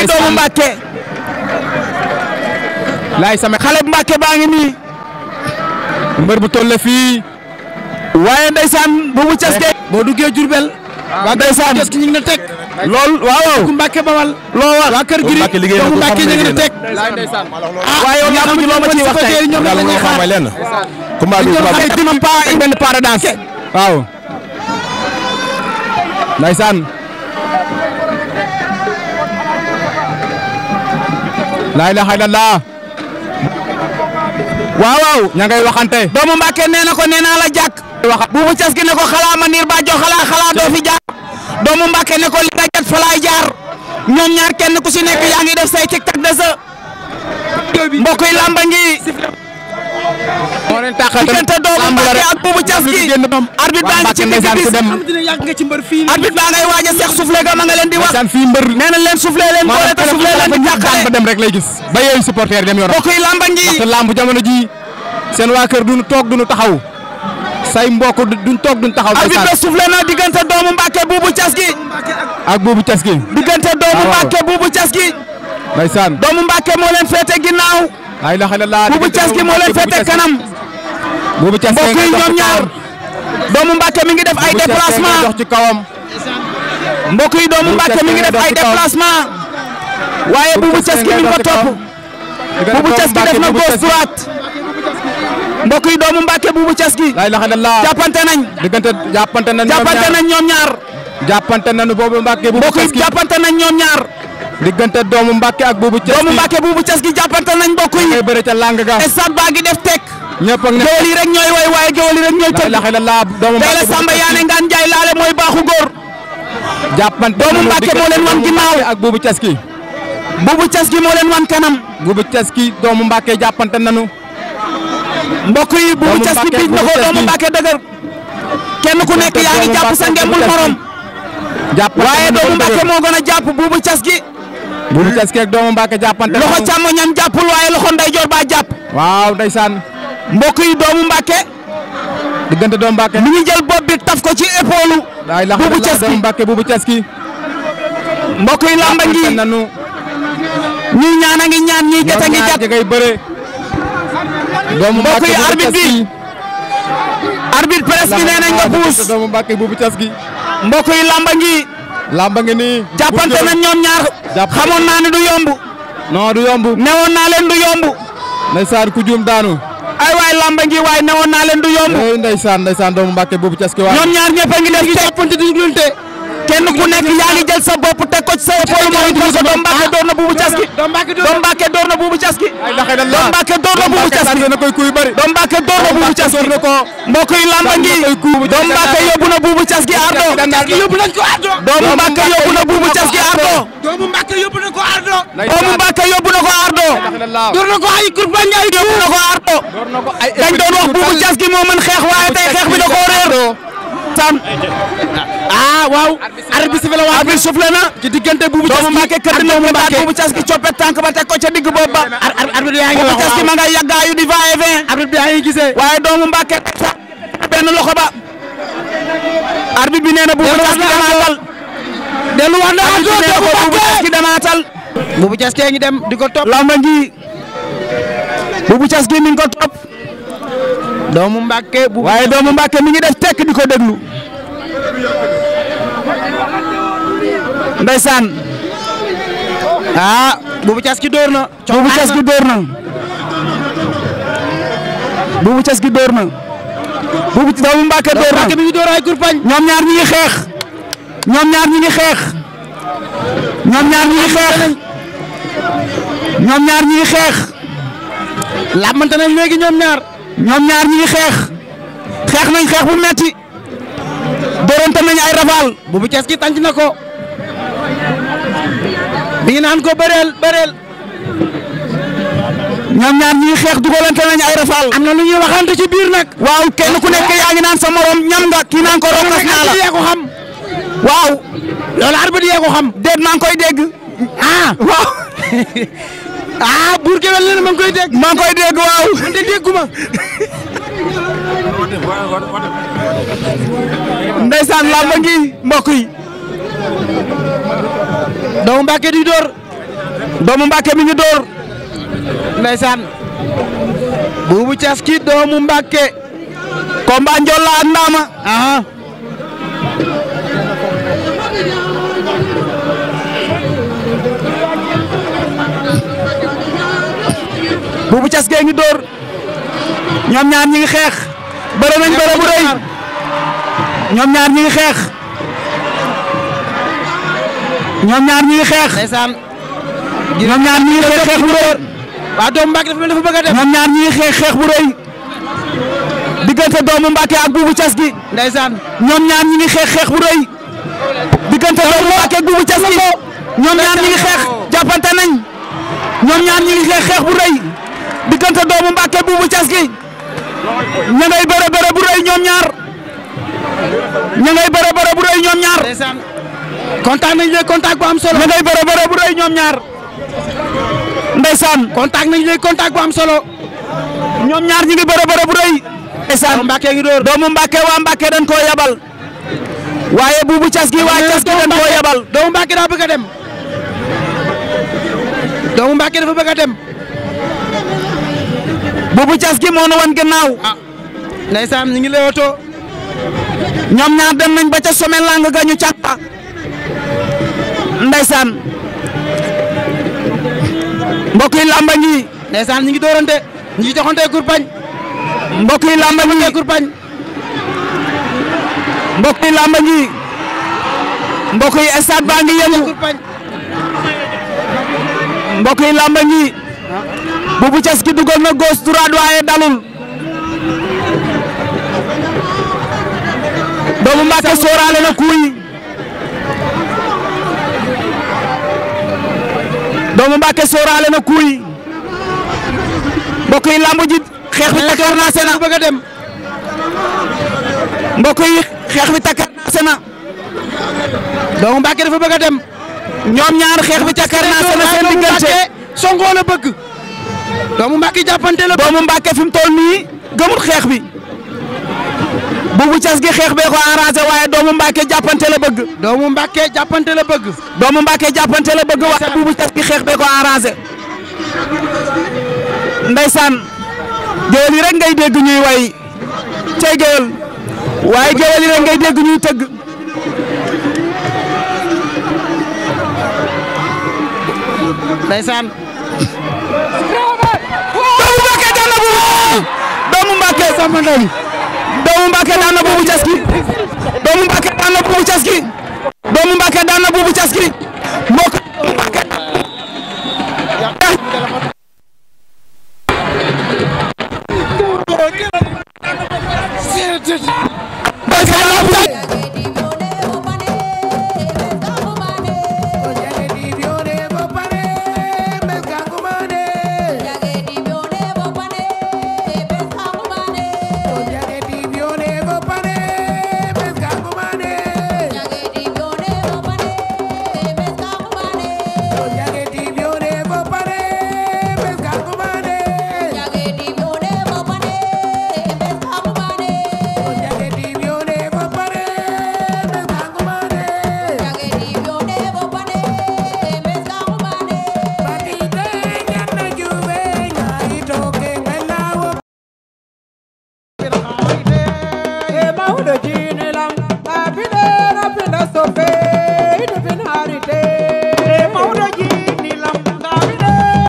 laay doomu Mbàkke laay sama xale mbake baa ngi nii mbër bu toll fii waaye ndeysaan bu mu caskee boo duggee Jurbel waa ah, ndeysaan ñu ngi lool waaw waaw ku Mbàkke bawal loo war waa kër giri doomu Mbàkke ñu na teg ah, ah, waaye yow lamb ji loo ma ciy wax tey ñoom la ñuy xaar leen combat bi dina pa benn paradance waaw ndeysaan laa ilaaha illallah waaw waaw ña ngay waxante doomu Mbàkke nee na ko nee naa la jàkk buubu cas gi ne ko xalaa ma niir baa jox xalaa xalaa doo fi jaar doomu Mbàkke ne ko li nga jot fa jaar ñaar kenn ku si nekk yaa ngi def say tic tac de sa mbokk yi ngi moo leen tàqal diggante doomu Mbacke ak Boubou Thiaski arbitre baa ngi ci digg bis arbitre baa ngay waaj a seex soufflé ga nga leen di wax nee na leen soufflé leen boole te soufflé leen di ñàkkale ba dem rek lay gis ba yooyu supporter dem yoonam mbokk yi lamba ngi te lamb jamono ji seen waa kër toog duñu taxaw say mbokk duñ toog duñ taxaw arbitre ba soufflé na diggante doomu Mbacke Boubou Thiaski ak Boubou Thiaski diggante doomu ah, Mbacke Boubou Thiaski ndeysaan doomu Mbacke moo leen féete ginnaaw Boubou Thiaski moo leen féete kanam. Boubou Thiaski mbokk yi ñoom ñaar. doomu Mbacke mi ngi def ay déplacement dox ci kawam. yi doomu mi ngi def ay déplacement. waaye Boubou Thiaski mi ngi ko topp. Boubou Thiaski def na gauche droite. mbokk yi doomu Mbacke Boubou Thiaski. nañ. diggante jàppante nañ ñoom ñaar. jàppante nañ boobu Mbacke Boubou Thiaski mbokk yi jàppante nañ ñoom ñaar. diggante doomu Mbacke ak buubu Thiès gi doomu Mbacke buubu Thiès gi jàppante nañ mbokk yi. ngay bëre baa ngi def tek. ñëpp ak ne géwël yi rek ñooy way waaye géwël yi rek ñooy tëj. la la la doomu Mbacke tey la Samba Yaane Ngaan Njaay laale mooy baaxu góor. jàppante doomu Mbacke moo leen wan buubu Thiès gi. buubu Thiès gi moo leen wan kanam. buubu Thiès doomu Mbacke jàppante nañu. mbokk yi buubu Thiès gi na ko doomu Mbacke dëgër. kenn ku nekk yaa ngi jàpp sa ngembul morom. jàppante waaye doomu Mbacke moo gën a jàpp buubu Thiès gi Boubou Keski ak doomu Mbacke jàppante. loxo càmmoñam jàppul waaye loxo ndeyjoor ba jàpp. waaw ndeysaan. mbokk yi doomu Mbacke. diggante doomu mi ngi jël bopp bi ko ci épaule. Boubou Keski doomu Mbacke Boubou Keski. mbokk yi lamba ngi ñii ñaan a ngi ñaan ñii gët a ngi jàpp ñoom ñaar bëre. doomu Mbacke Boubou mbokk yi lamba ngi. lamba ngi nii. jàppante nañ ñoom ñaar. xamoon naa ne du yomb. non du yomb. newoon naa leen du yomb. ndeysaan ku juum daanu. ay waay lamba ngi waay newoon naa leen du yomb. ndeysaan ndeysaan doomu Mbàkke boobu caske waay. ñoom ñaar ñëpp a ngi des. jàppante di kenn ku nekk yaa ngi jël sa bopp teg ko ci sa épaule mooy parce que Doomu Mbàkke ah. door na Buubu Caski Doomu Mbàkke door na Buubu Caski Doomu Mbàkke door na Buubu Caski Doomu Mbàkke door na Buubu Caski mbokk yi lamba ngi Doomu Mbàkke yóbbu na Buubu Caski Ardo yóbbu nañ ko Ardo Doomu Mbàkke yóbbu na Buubu Caski Ardo Doomu Mbàkke yóbbu na ko Ardo Doomu Mbàkke yóbbu na ko Ardo door na ko ay kurbañ ay yóbbu na ko Ardo dañ doon wax Buubu Caski moo mën xeex waaye tey xeex bi da koo réer waxtaan ah waaw arbitre bi sifflé waaw arbitre sifflé na ci diggante Boubou Thiaski Mbacke kër na mu baax Boubou Thiaski coppe tànk ba te ko ca digg boobu ba arbitre yaa di vingt ngi gisee waaye doomu Mbacke benn loxo ba arbitre bi nee na Boubou Thiaski bi nee na ko Boubou Thiaski damaatal Boubou Thiaski ngi dem di ko topp lamba ngi Boubou Thiaski mi ngi ko doomu Mbàkke bu waaye doomu Mbàkke mi ngi def tekk di ko déglu. ndeysaan ah buubu cas gi door na. buubu cas gi door na. buubu cas gi door na. buubu doomu Mbàkke door na mi ngi door ay kurpañ. ñoom ñaar ñi ngi xeex. ñoom ñaar ñi ngi xeex. ñoom ñaar ñi ngi xeex. ñoom ñaar ñi ngi xeex. làmmante nañ léegi ñoom ñaar. ñoom ñaar ñi ngi xeex xeex nañ xeex bu metti doronte nañ ay rafal Boubou Thiaski tànc na ko mi ngi naan ko bëreel bëreel ñoom ñaar ñi ngi xeex dugalante nañ ay rafal am na lu ñuy waxante ci biir nag waaw kenn ku nekk yaa ngi naan sa morom ñam nga kii naan ko rokkas naa la yee ko xam waaw loolu arbitre xam déet maa koy dégg ah waaw ah buur géwél nee na ma koy dégg. maa ngi koy dégg waaw. man de dégguma. ndeysaan làmb ngi mbokk doomu Mbàkke di door. doomu Mbàkke mi ngi door. ndeysaan. buubu cas doomu Mbàkke. combat Njool la Boubou Thiasské ngi dóor ñoom ñaar ñi ngi xeex bëre nañ bëre bu rëy ñoom ñaar ñi ngi xeex ñoom ñaar ñi ngi xeex ñoom ñaar ñi ngi xeex xeex bu rëy waa doomu Mbacke dafa mel dafa bëgg a def ñoom ñaar ñi ngi xeex bu rëy diggante doomu Mbacke ak Boubou Thiasské ndeysaan ñoom ñaar ñi ngi xeex xeex bu rëy diggante doomu Mbacke ak Boubou Thiasské ñoom ñaar ñi ngi xeex jàppante xeex bu rëy diggante doomu Mbàkke Buubu Cas gi ña ngay bëre bu rëy ñoom ñaar ña ngay bëre bëre bu rëy ñoom ñaar contact nañ leen contact bu am solo ña ngay bëre bëre bu rëy ñoom ñaar ndeysaan contact nañ leen contact bu am solo ñoom ñaar ñi ngi bëre bëre bu rëy ndeysaan Mbàkke ngi door doomu Mbàkke waa Mbàkke dañ koo yabal waaye Buubu Cas waa Cas gi koo yabal doomu Mbàkke daa bëgg a dem doomu Mbàkke dafa bëgg a dem Boubou Thiaski moo nu wan gannaaw. ah ndeysaan ñu ngi leewatoo. ñoom ñaar dem nañ ba ca sommet lang ga ñu càppa. ndeysaan mbokk yi lamba ñii. ndeysaan ñu ngi doorante ñu ngi joxante kurpañ. mbokk yi lamba ñii kurpañ. mbokk yi lamba ñii. mbokk yi baa ngi yëngu. mbokk lamba ñii. Ah. Boubou Thiaski Siteu dugal na gauche droite waaye dalul Doomu Mbacké sóoraale na na kuy mbokk yi lamb ji xeex bi takkar naa sena bëgg a dem mbokk yi xeex bi takkar naa sena Doomu Mbacké dafa bëgg a dem ñoom ñaar xeex bi takkar naa sena seen diggante songoo la bëgg doomu Mbacke jàppante la. doomu Mbacke fi mu toll xeex bi Boubou Thiass gi xeex bee ko arrangé waaye doomu Mbacke jàppante la bëgg. doomu mbake jàppante la bëgg. doomu mbake jàppante la bëgg waaye Boubou Thiass gi xeex bee ko arrangé ndeysaan géwél yi rek ngay dégg ñuy way cey géwél waaye géwél yi rek ngay dégg ñuy tëgg Samba Ndao doomu Mbacke daan na Boubou Thiaski doomu Mbacke daan na Boubou Thiaski